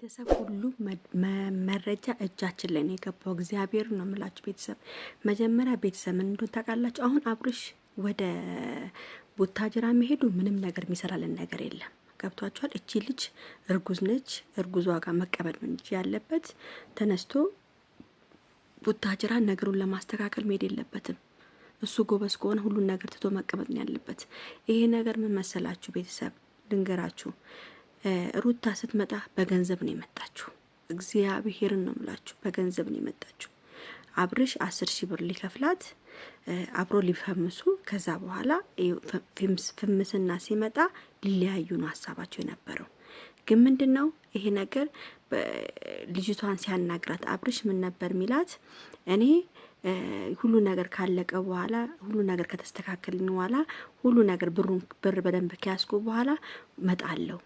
ቤተሰብ ሁሉ መረጃ እጃችን ላይ ነው የገባው። እግዚአብሔር ነው የምላችሁ ቤተሰብ መጀመሪያ ቤተሰብ ምን እንደሆነ ታውቃላችሁ። አሁን አብርሽ ወደ ቡታጅራ መሄዱ ምንም ነገር የሚሰራልን ነገር የለም። ገብቷችኋል። እቺ ልጅ እርጉዝ ነች። እርጉዝ ዋጋ መቀመጥ ነው እንጂ ያለበት ተነስቶ ቡታጅራ ነገሩን ለማስተካከል መሄድ የለበትም። እሱ ጎበዝ ከሆነ ሁሉን ነገር ትቶ መቀመጥ ነው ያለበት። ይሄ ነገር ምን መሰላችሁ ቤተሰብ ልንገራችሁ ሩታ ስትመጣ በገንዘብ ነው የመጣችሁ። እግዚአብሔርን ነው ምላችሁ፣ በገንዘብ ነው የመጣችሁ። አብርሽ አስር ሺህ ብር ሊከፍላት አብሮ ሊፈምሱ ከዛ በኋላ ፍምስና ሲመጣ ሊለያዩ ነው ሀሳባቸው የነበረው። ግን ምንድን ነው ይሄ ነገር ልጅቷን ሲያናግራት አብርሽ ምን ነበር ሚላት? እኔ ሁሉ ነገር ካለቀ በኋላ ሁሉ ነገር ከተስተካከልን በኋላ ሁሉ ነገር ብሩን ብር በደንብ ከያዝኩ በኋላ መጣለሁ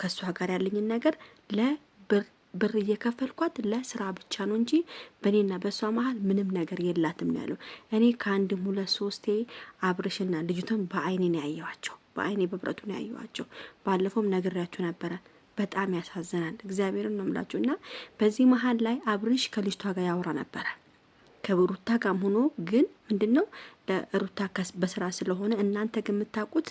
ከእሷ ጋር ያለኝን ነገር ለብር ብር እየከፈልኳት ለስራ ብቻ ነው እንጂ በእኔና በእሷ መሀል ምንም ነገር የላትም ያለው። እኔ ከአንድም ሁለት ሶስቴ አብርሽና ልጅቱን በአይኔ ነው ያየዋቸው፣ በአይኔ በብረቱ ነው ያየዋቸው። ባለፈውም ነግሬያችሁ ነበረ። በጣም ያሳዝናል። እግዚአብሔርን ነው የምላችሁ። እና በዚህ መሀል ላይ አብርሽ ከልጅቷ ጋር ያወራ ነበረ ከሩታ ጋም ሆኖ ግን ምንድን ነው ለሩታ በስራ ስለሆነ እናንተ ግን የምታውቁት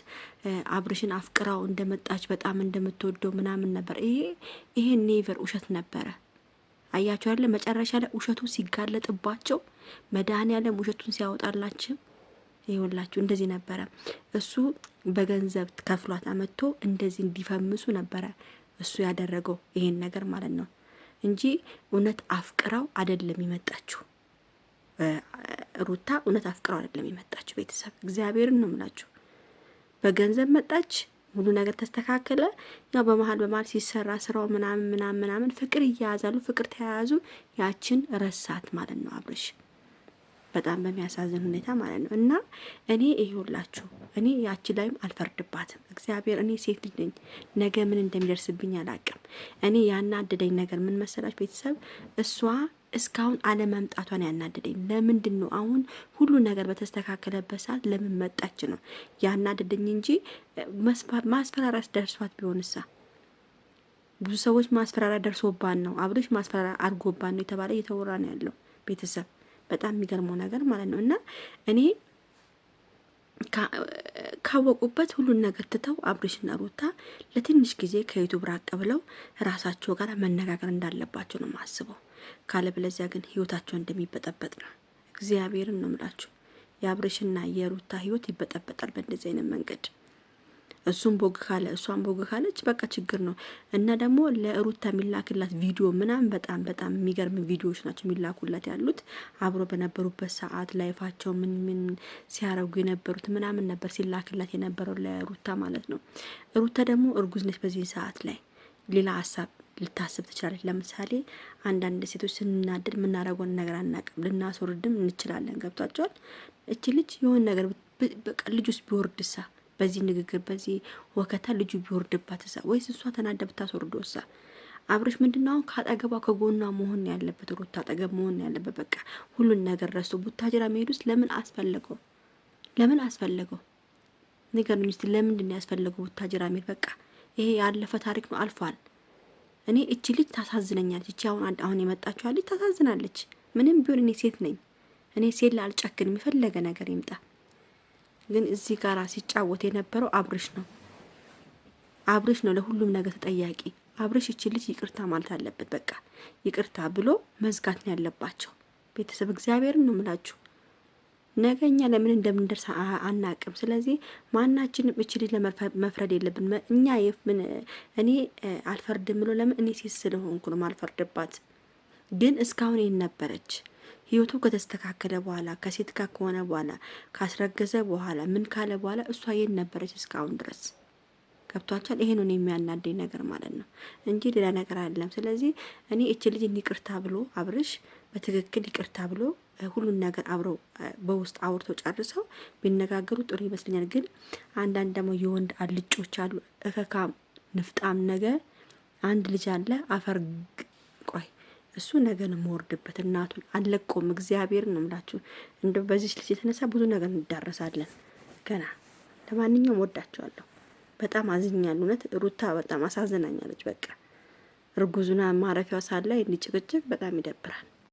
አብርሽን አፍቅራው እንደመጣች በጣም እንደምትወደው ምናምን ነበር። ይሄ ይሄ ኔቨር ውሸት ነበረ። አያቸው ያለ መጨረሻ ላይ ውሸቱ ሲጋለጥባቸው መድኃኒዓለም ውሸቱን ሲያወጣላችም ይኸውላችሁ እንደዚህ ነበረ። እሱ በገንዘብ ከፍሏት አመጥቶ እንደዚህ እንዲፈምሱ ነበረ እሱ ያደረገው ይሄን ነገር ማለት ነው እንጂ እውነት አፍቅራው አይደለም የመጣችሁ። ሩታ እውነት አፍቅረው አይደለም የመጣችው። ቤተሰብ እግዚአብሔርን ነው የምላችሁ። በገንዘብ መጣች፣ ሙሉ ነገር ተስተካከለ። ያው በመሀል በመሀል ሲሰራ ስራው ምናምን ምናምን ምናምን ፍቅር እያያዛሉ፣ ፍቅር ተያያዙ። ያችን ረሳት ማለት ነው አብርሽ በጣም በሚያሳዝን ሁኔታ ማለት ነው። እና እኔ ይሁላችሁ እኔ ያቺ ላይም አልፈርድባትም። እግዚአብሔር እኔ ሴት ልጅ ነኝ፣ ነገ ምን እንደሚደርስብኝ አላቅም። እኔ ያናደደኝ ነገር ምን መሰላች ቤተሰብ እሷ እስካሁን አለመምጣቷን ያናደደኝ ለምንድን ነው? አሁን ሁሉ ነገር በተስተካከለበት ሰዓት ለምን መጣች ነው ያናደደኝ እንጂ ማስፈራራት ደርሷት ቢሆንሳ ብዙ ሰዎች ማስፈራራት ደርሶባን ነው አብዶች ማስፈራራት አድርጎባን ነው የተባለ እየተወራ ነው ያለው። ቤተሰብ በጣም የሚገርመው ነገር ማለት ነው እና እኔ ካወቁበት ሁሉን ነገር ትተው አብሬሽና ሩታ ለትንሽ ጊዜ ከዩቱብ ራቅ ብለው ራሳቸው ጋር መነጋገር እንዳለባቸው ነው ማስበው። ካለበለዚያ ግን ህይወታቸው እንደሚበጠበጥ ነው። እግዚአብሔርን ነው ምላችሁ። የአብርሽና የሩታ ህይወት ይበጠበጣል በእንደዚህ አይነት መንገድ። እሱም ቦግ ካለ እሷም ቦግ ካለች በቃ ችግር ነው። እና ደግሞ ለሩታ የሚላክላት ቪዲዮ ምናምን በጣም በጣም የሚገርም ቪዲዮዎች ናቸው የሚላኩላት ያሉት አብሮ በነበሩበት ሰዓት ላይፋቸው ምን ምን ሲያረጉ የነበሩት ምናምን ነበር ሲላክላት የነበረው ለሩታ ማለት ነው። ሩታ ደግሞ እርጉዝ ነች በዚህ ሰዓት ላይ ሌላ ሀሳብ ልታስብ ትችላለች። ለምሳሌ አንዳንድ ሴቶች ስንናደድ የምናደርገውን ነገር አናቅም፣ ልናስወርድም እንችላለን። ገብቷቸዋል። እቺ ልጅ የሆን ነገር በቃ ልጅ ውስጥ ቢወርድሳ በዚህ ንግግር በዚህ ወከታ ልጁ ቢወርድባት ሳ ወይስ እሷ ተናደ ብታስወርዶ ሳ አብረሽ ምንድን ነው አሁን ከአጠገቧ ከጎኗ መሆን ያለበት ሩት አጠገብ መሆን ያለበት በቃ ሁሉን ነገር ረስቶ ቡታጅራ መሄድ ውስጥ ለምን አስፈለገው? ለምን አስፈለገው? ንገሩኝ እስቲ ለምንድን ነው ያስፈለገው ቡታጅራ መሄድ? በቃ ይሄ ያለፈ ታሪክ ነው፣ አልፏል። እኔ እቺ ልጅ ታሳዝነኛለች። እቺ አሁን አሁን የመጣችኋ ልጅ ታሳዝናለች። ምንም ቢሆን እኔ ሴት ነኝ። እኔ ሴት ላልጨክንም፣ የሚፈለገ ነገር ይምጣ። ግን እዚህ ጋር ሲጫወት የነበረው አብርሽ ነው። አብርሽ ነው ለሁሉም ነገር ተጠያቂ። አብርሽ እቺ ልጅ ይቅርታ ማለት አለበት። በቃ ይቅርታ ብሎ መዝጋት ነው ያለባቸው። ቤተሰብ እግዚአብሔርን ነው ምላችሁ ነገ እኛ ለምን እንደምንደርስ አናቅም። ስለዚህ ማናችንም እችል ለመፍረድ የለብን። እኛ ምን እኔ አልፈርድም ብሎ ለምን እኔ ሴት ስለሆንኩ ነው አልፈርድባት። ግን እስካሁን ይህን ነበረች። ህይወቱ ከተስተካከለ በኋላ ከሴት ጋር ከሆነ በኋላ ካስረገዘ በኋላ ምን ካለ በኋላ እሷ ይህን ነበረች እስካሁን ድረስ ገብቷቸዋል። ነው የሚያናደኝ ነገር ማለት ነው እንጂ ሌላ ነገር አይደለም። ስለዚህ እኔ እች ልጅ ይቅርታ ብሎ አብርሽ በትክክል ይቅርታ ብሎ ሁሉን ነገር አብረው በውስጥ አውርተው ጨርሰው ቢነጋገሩ ጥሩ ይመስለኛል። ግን አንዳንድ ደግሞ የወንድ አልጮች አሉ። እከካም ንፍጣም ነገ አንድ ልጅ አለ አፈር ቆይ እሱ ነገር ነው የምወርድበት። እናቱን አለቆም እግዚአብሔር ነው ምላችሁ። እንደ በዚች ልጅ የተነሳ ብዙ ነገር እንዳረሳለን ገና። ለማንኛውም ወዳቸዋለሁ። በጣም አዝኛለሁ። እውነት ሩታ በጣም አሳዝናኛለች። በቃ እርጉዙና ማረፊያው ሳለ ጭቅጭቅ በጣም ይደብራል።